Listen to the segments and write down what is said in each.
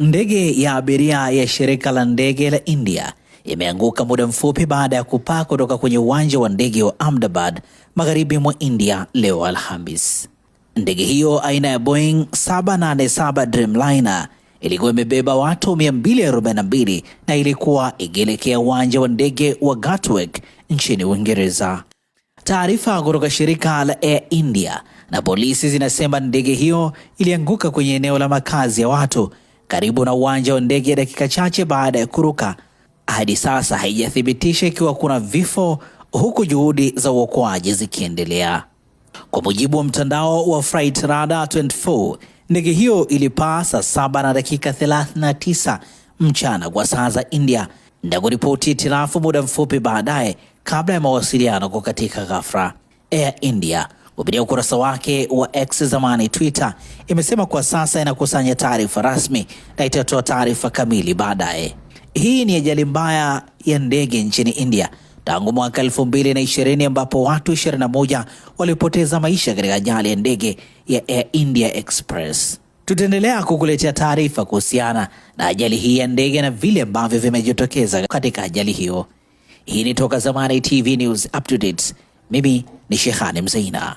Ndege ya abiria ya shirika la ndege la India imeanguka muda mfupi baada ya kupaa kutoka kwenye uwanja wa ndege wa Ahmedabad magharibi mwa India leo Alhamis. Ndege hiyo aina ya Boeing 787 Dreamliner ilikuwa imebeba watu 242 na ilikuwa ikielekea uwanja wa ndege wa Gatwick nchini Uingereza. Taarifa kutoka shirika la Air India na polisi zinasema ndege hiyo ilianguka kwenye eneo la makazi ya watu karibu na uwanja wa ndege dakika chache baada ya kuruka. Hadi sasa haijathibitisha ikiwa kuna vifo, huku juhudi za uokoaji zikiendelea. Kwa mujibu wa mtandao wa Flight Radar 24, ndege hiyo ilipaa saa saba na dakika 39 mchana kwa saa za India na kuripoti hitilafu muda mfupi baadaye kabla ya mawasiliano kukatika ghafla. Air India kupitia ukurasa wake wa X zamani Twitter, imesema kwa sasa inakusanya taarifa rasmi na itatoa taarifa kamili baadaye. Hii ni ajali mbaya ya ndege nchini India tangu mwaka 2020 ambapo watu 21 walipoteza maisha katika ajali ya ndege ya Air India Express. Tutaendelea kukuletea taarifa kuhusiana na ajali hii ya ndege na vile ambavyo vimejitokeza katika ajali hiyo. Hii ni Toka Zamani TV News Updates. Mimi ni Shehani Mzeina.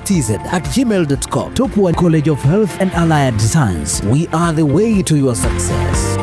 stz at gmail.com. One College of Health and Allied Science. We are the way to your success.